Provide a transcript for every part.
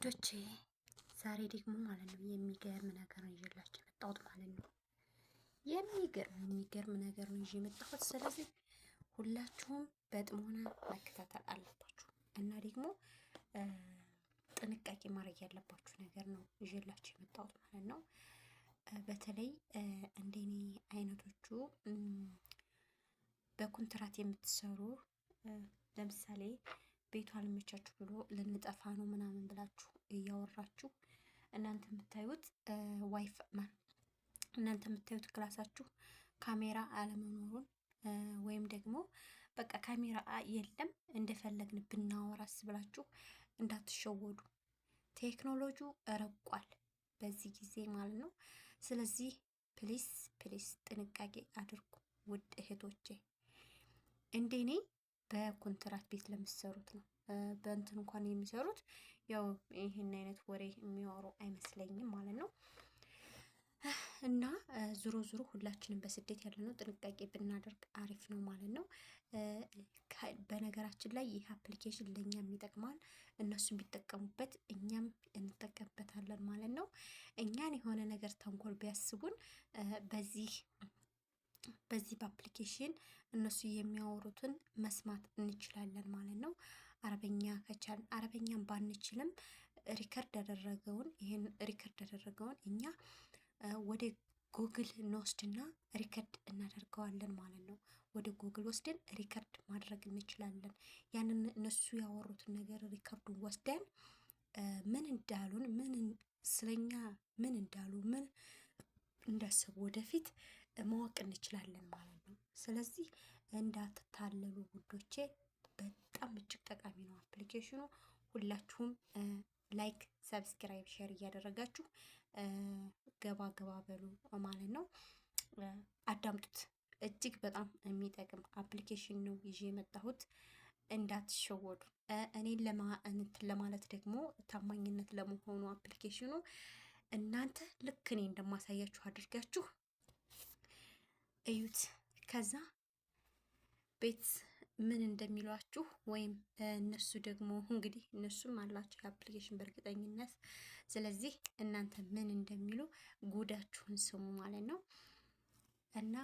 ውዶቼ ዛሬ ደግሞ ማለት ነው የሚገርም ነገር ነው ይዤላችሁ የመጣሁት ማለት ነው። የሚገርም የሚገርም ነገር ነው ይዤ የመጣሁት። ስለዚህ ሁላችሁም በጥሞና መከታተል አለባችሁ እና ደግሞ ጥንቃቄ ማድረግ ያለባችሁ ነገር ነው ይዤላችሁ የመጣሁት ማለት ነው። በተለይ እንደኔ አይነቶቹ በኮንትራት የምትሰሩ ለምሳሌ ቤቱ አልመቻችሁ ብሎ ልንጠፋ ነው ምናምን ብላችሁ እያወራችሁ እናንተ የምታዩት ዋይፍ እናንተ የምታዩት ክላሳችሁ ካሜራ አለመኖሩን ወይም ደግሞ በቃ ካሜራ የለም እንደፈለግን ብናወራስ ብላችሁ እንዳትሸወዱ። ቴክኖሎጂው ረቋል በዚህ ጊዜ ማለት ነው። ስለዚህ ፕሊስ ፕሊስ ጥንቃቄ አድርጉ ውድ እህቶቼ እንደኔ በኮንትራት ቤት ለምሰሩት ነው። በእንትን እንኳን የሚሰሩት ያው ይህን አይነት ወሬ የሚያወሩ አይመስለኝም ማለት ነው። እና ዞሮ ዞሮ ሁላችንም በስደት ያለነው ጥንቃቄ ብናደርግ አሪፍ ነው ማለት ነው። በነገራችን ላይ ይህ አፕሊኬሽን ለእኛም ይጠቅማል፣ እነሱም ቢጠቀሙበት እኛም እንጠቀምበታለን ማለት ነው። እኛን የሆነ ነገር ተንኮል ቢያስቡን በዚህ በዚህ በአፕሊኬሽን እነሱ የሚያወሩትን መስማት እንችላለን ማለት ነው። አረበኛ ከቻል አረበኛን ባንችልም ሪከርድ ያደረገውን ይህን ሪከርድ ያደረገውን እኛ ወደ ጉግል እንወስድና ሪከርድ እናደርገዋለን ማለት ነው። ወደ ጉግል ወስደን ሪከርድ ማድረግ እንችላለን። ያንን እነሱ ያወሩትን ነገር ሪከርዱን ወስደን ምን እንዳሉን ምን ስለኛ ምን እንዳሉ ምን እንዳሰቡ ወደፊት ማወቅ እንችላለን ማለት ነው። ስለዚህ እንዳትታለሉ ውዶቼ፣ በጣም እጅግ ጠቃሚ ነው አፕሊኬሽኑ። ሁላችሁም ላይክ፣ ሰብስክራይብ፣ ሼር እያደረጋችሁ ገባ ገባ በሉ ማለት ነው። አዳምጡት። እጅግ በጣም የሚጠቅም አፕሊኬሽን ነው ይዤ የመጣሁት። እንዳትሸወዱ። እኔን ለማለት ደግሞ ታማኝነት ለመሆኑ አፕሊኬሽኑ እናንተ ልክ እኔ እንደማሳያችሁ አድርጋችሁ እዩት። ከዛ ቤት ምን እንደሚሏችሁ ወይም እነሱ ደግሞ እንግዲህ እነሱም አላቸው የአፕሊኬሽን በእርግጠኝነት። ስለዚህ እናንተ ምን እንደሚሉ ጉዳችሁን ስሙ ማለት ነው እና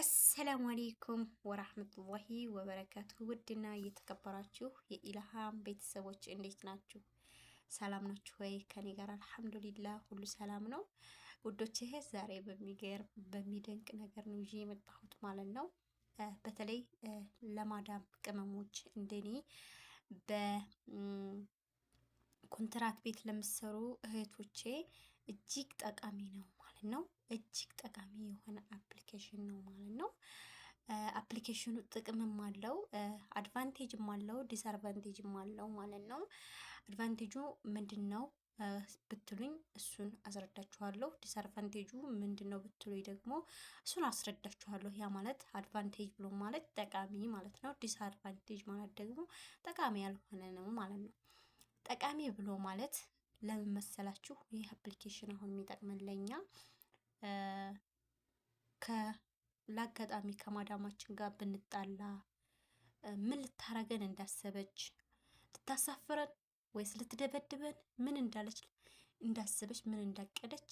አሰላሙ አሌይኩም ወራህመቱላሂ ወበረካቱ። ውድና እየተከበራችሁ የኢልሃም ቤተሰቦች እንዴት ናችሁ? ሰላም ናችሁ ወይ? ከኔ ጋር አልሐምዱሊላ ሁሉ ሰላም ነው። ውዶች ይሄ ዛሬ በሚገርም በሚደንቅ ነገር ነው ይዤ የመጣሁት ማለት ነው። በተለይ ለማዳም ቅመሞች እንደኔ በኮንትራት ቤት ለምሰሩ እህቶቼ እጅግ ጠቃሚ ነው ማለት ነው። እጅግ ጠቃሚ የሆነ አፕሊኬሽን ነው ማለት ነው። አፕሊኬሽኑ ጥቅምም አለው፣ አድቫንቴጅም አለው፣ ዲስአድቫንቴጅም አለው ማለት ነው። አድቫንቴጁ ምንድን ነው? ብትሉኝ እሱን አስረዳችኋለሁ። ዲስአድቫንቴጁ ምንድን ነው ብትሉኝ ደግሞ እሱን አስረዳችኋለሁ። ያ ማለት አድቫንቴጅ ብሎ ማለት ጠቃሚ ማለት ነው። ዲስአድቫንቴጅ ማለት ደግሞ ጠቃሚ ያልሆነ ነው ማለት ነው። ጠቃሚ ብሎ ማለት ለምን መሰላችሁ? ይህ አፕሊኬሽን አሁን የሚጠቅመን ለእኛ ከላጋጣሚ ከማዳማችን ጋር ብንጣላ ምን ልታረገን እንዳሰበች ልታሳፍረን ወይስ ልትደበድበን ምን እንዳለች እንዳሰበች ምን እንዳቀደች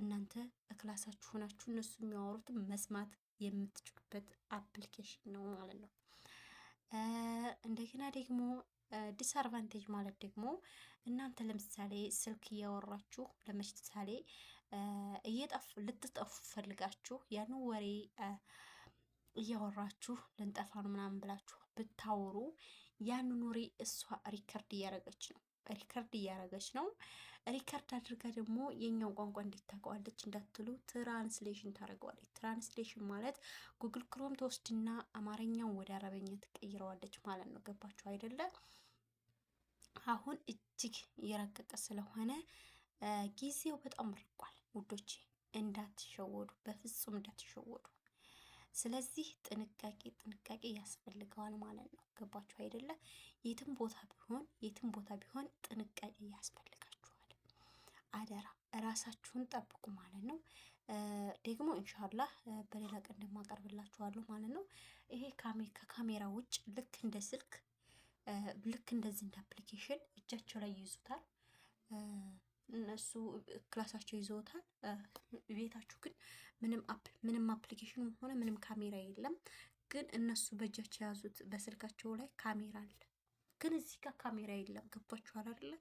እናንተ እክላሳችሁ ሆናችሁ እነሱ የሚያወሩትን መስማት የምትችሉበት አፕሊኬሽን ነው ማለት ነው። እንደገና ደግሞ ዲስአድቫንቴጅ ማለት ደግሞ እናንተ ለምሳሌ ስልክ እያወራችሁ ለምሳሌ እየጠፉ ልትጠፉ ፈልጋችሁ ያን ወሬ እያወራችሁ ልንጠፋ ነው ምናምን ብላችሁ ብታወሩ ያንን ወሬ እሷ ሪከርድ እያረገች ነው ሪከርድ እያረገች ነው። ሪከርድ አድርጋ ደግሞ የኛው ቋንቋ እንዴት ታውቀዋለች እንዳትሉ ትራንስሌሽን ታደርገዋለች። ትራንስሌሽን ማለት ጉግል ክሮም ተወስድና አማርኛውን ወደ አረበኛ ትቀይረዋለች ማለት ነው። ገባችሁ አይደለ? አሁን እጅግ እየረቀቀ ስለሆነ ጊዜው በጣም ርቋል ውዶች እንዳትሸወዱ፣ በፍጹም እንዳትሸወዱ። ስለዚህ ጥንቃቄ ጥንቃቄ ያስፈልገዋል ማለት ነው። ገባችሁ አይደለ? የትም ቦታ ቢሆን የትም ቦታ ቢሆን ጥንቃቄ ያስፈልጋችኋል። አደራ እራሳችሁን ጠብቁ ማለት ነው። ደግሞ ኢንሻላህ በሌላ ቀን ደግሞ አቀርብላችኋለሁ ማለት ነው። ይሄ ከካሜራ ውጭ ልክ እንደ ስልክ ልክ እንደዚህ እንደ አፕሊኬሽን እጃቸው ላይ ይይዙታል። እነሱ ክላሳቸው ይዘውታል። ቤታችሁ ግን ምንም አፕሊኬሽን ሆነ ምንም ካሜራ የለም። ግን እነሱ በእጃቸው የያዙት በስልካቸው ላይ ካሜራ አለ። ግን እዚህ ጋር ካሜራ የለም። ገባችኋል አይደለ?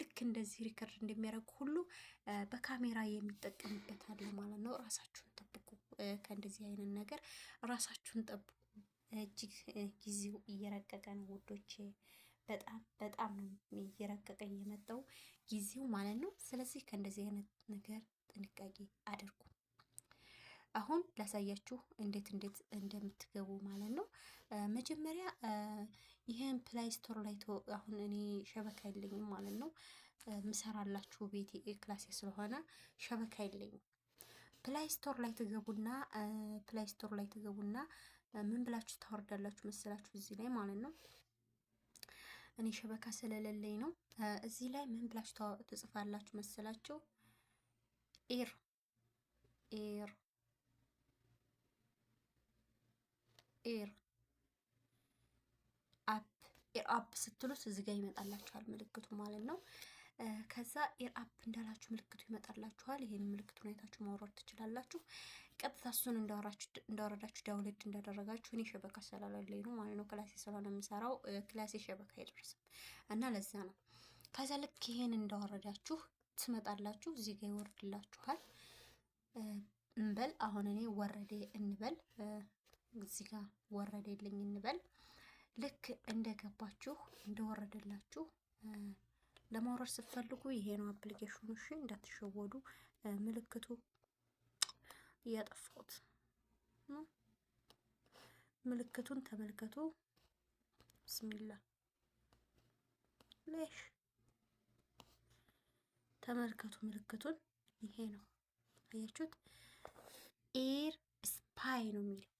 ልክ እንደዚህ ሪከርድ እንደሚያደርጉ ሁሉ በካሜራ የሚጠቀምበት አለ ማለት ነው። ራሳችሁን ጠብቁ፣ ከእንደዚህ አይነት ነገር ራሳችሁን ጠብቁ። እጅግ ጊዜው እየረቀቀ ነው ውዶቼ። በጣም በጣም ነው እየረቀቀ የመጣው ጊዜው ማለት ነው። ስለዚህ ከእንደዚህ አይነት ነገር ጥንቃቄ አድርጉ። አሁን ላሳያችሁ እንዴት እንዴት እንደምትገቡ ማለት ነው። መጀመሪያ ይህን ፕላይ ስቶር ላይ አሁን እኔ ሸበካ የለኝም ማለት ነው። ምሰራላችሁ ቤቴ ክላሴ ስለሆነ ሸበካ የለኝም። ፕላይ ስቶር ላይ ትገቡና ፕላይ ስቶር ላይ ትገቡና ምን ብላችሁ ታወርዳላችሁ መሰላችሁ? እዚህ ላይ ማለት ነው እኔ ሸበካ ስለሌለኝ ነው። እዚህ ላይ ምን ብላችሁ ትጽፋላችሁ መሰላችሁ? ኤር ኤር ኤር አፕ ኤር አፕ ስትሉስ እዚህ ጋር ይመጣላችኋል ምልክቱ ማለት ነው። ከዛ ኤር አፕ እንዳላችሁ ምልክቱ ይመጣላችኋል። ይሄን ምልክቱን አይታችሁ ማውራት ትችላላችሁ። ቀጥታ እሱን እንዳወረዳችሁ ዳውንሎድ እንዳደረጋችሁ እኔ ሸበካ ስላለኝ ነው ማለት ነው። ክላሴ ስለሆነ የምሰራው ክላሴ ሸበካ አይደርስም እና ለዛ ነው። ከዛ ልክ ይሄን እንዳወረዳችሁ ትመጣላችሁ፣ እዚህ ጋ ይወርድላችኋል። እንበል አሁን እኔ ወረዴ እንበል እዚህ ጋ ወረደልኝ እንበል። ልክ እንደገባችሁ እንደወረደላችሁ ለማውረድ ስትፈልጉ ይሄ ነው አፕሊኬሽኑ። እሺ እንዳትሸወዱ ምልክቱ እያጠፋሁት ምልክቱን ተመልከቱ። ብስሚላ ሌሽ ተመልከቱ ምልክቱን። ይሄ ነው አያችሁት? ኤር ስፓይ ነው የሚለው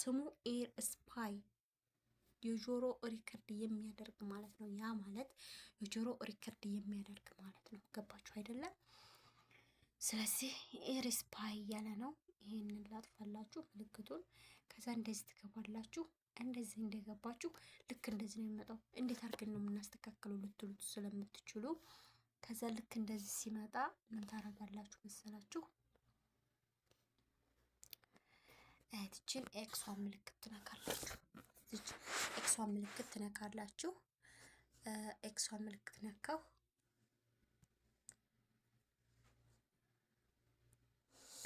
ስሙ። ኤር ስፓይ የጆሮ ሪከርድ የሚያደርግ ማለት ነው። ያ ማለት የጆሮ ሪከርድ የሚያደርግ ማለት ነው። ገባችሁ አይደለም? ስለዚህ ፓይ እያለ ነው። ይህንን ላጥፋላችሁ ምልክቱን። ከዛ እንደዚህ ትገባላችሁ። እንደዚህ እንደገባችሁ ልክ እንደዚህ ነው የሚመጣው። እንዴት አድርገን ነው የምናስተካክለው ልትሉት ስለምትችሉ ከዛ ልክ እንደዚህ ሲመጣ ምን ታደርጋላችሁ መሰላችሁ? እህትችን ኤክሷን ምልክት ትነካላችሁ። ኤክሷን ምልክት ትነካላችሁ። ኤክሷን ምልክት ነካው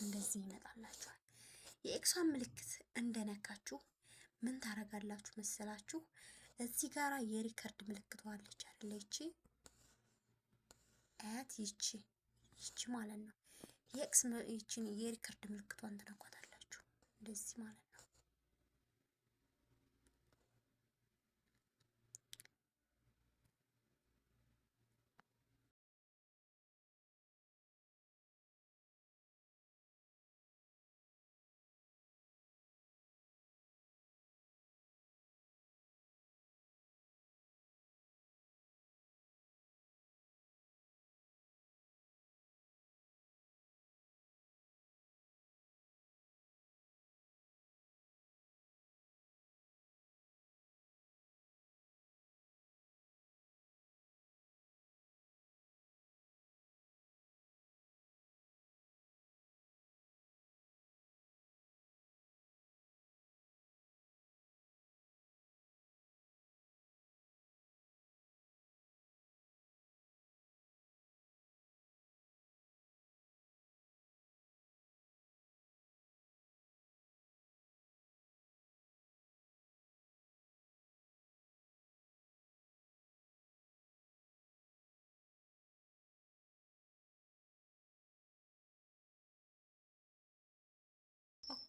እንደዚህ ይመጣላችኋል። የኤክሷን ምልክት እንደነካችሁ ምን ታረጋላችሁ መሰላችሁ? እዚህ ጋራ የሪከርድ ምልክት ዋለች አይደለ? ይቺ አያት ይቺ ይቺ ማለት ነው። የኤክስ ይቺን የሪከርድ ምልክቷን ትነኳታላችሁ እንደዚህ ማለት ነው።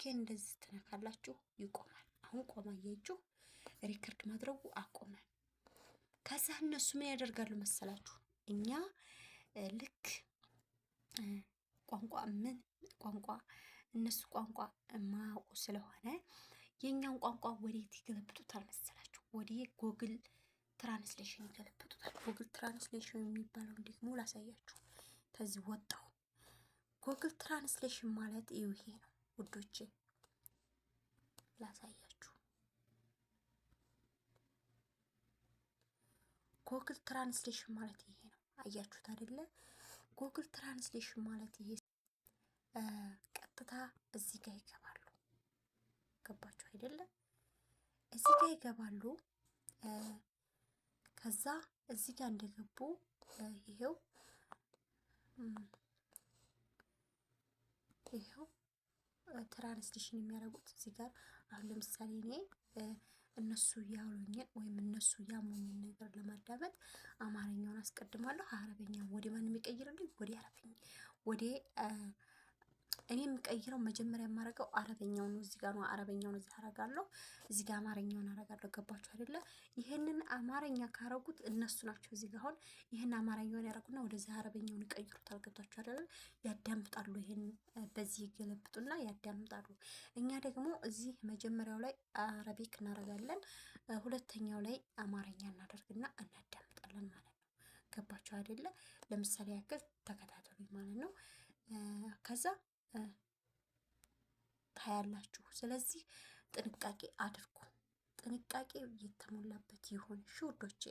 ይሄን እንደዚህ ትነካላችሁ ይቆማል። አሁን ቆማ እያችሁ ሪከርድ ማድረጉ አቆመ። ከዛ እነሱ ምን ያደርጋሉ መሰላችሁ? እኛ ልክ ቋንቋ ምን ቋንቋ እነሱ ቋንቋ ማያውቁ ስለሆነ የእኛን ቋንቋ ወዴት ይገለብጡታል መሰላችሁ? ወደ ጎግል ትራንስሌሽን ይገለብጡታል። ጎግል ትራንስሌሽን የሚባለው እንዴት ነው ላሳያችሁ። ከዚህ ወጣው ጎግል ትራንስሌሽን ማለት ይሄ ነው። ውዶቼ ላሳያችሁ። ጎግል ትራንስሌሽን ማለት ይሄ ነው። አያችሁት አይደለ? ጎግል ትራንስሌሽን ማለት ይሄ ቀጥታ እዚህ ጋር ይገባሉ። ገባችሁ አይደለ? እዚህ ጋር ይገባሉ። ከዛ እዚህ ጋር እንደገቡ ይሄው ይሄው ትራንስሌሽን የሚያደርጉት እዚህ ጋር አሁን ለምሳሌ እኔ እነሱ ያሉኝን ወይም እነሱ ያሙኝን ነገር ለማዳመጥ አማርኛውን አስቀድማለሁ። አረበኛ ወደ ማን የሚቀይርልኝ? ወደ አረበኛ ወደ እኔ የምቀይረው መጀመሪያ የማረገው ነው። እዚህ ጋር ነው። አረበኛውን እዚህ አረጋለሁ፣ እዚህ ጋር አማርኛውን አረጋለሁ። ገባችሁ አይደለ? ይህንን አማረኛ ካረጉት እነሱ ናቸው እዚህ ጋር አሁን ይህን አማርኛውን ያረጉና ወደዚህ አረበኛውን ይቀይሩታል። ገብታችሁ አይደለ? ያዳምጣሉ። ይህን በዚህ ይገለብጡና ያዳምጣሉ። እኛ ደግሞ እዚህ መጀመሪያው ላይ አረቢክ እናረጋለን፣ ሁለተኛው ላይ አማረኛ እናደርግና እናዳምጣለን ማለት ነው። ገባችሁ አይደለ? ለምሳሌ ያክል ተከታተሉ ማለት ነው። ከዛ ታያላችሁ። ስለዚህ ጥንቃቄ አድርጉ። ጥንቃቄ የተሞላበት ይሁን ሽውዶቼ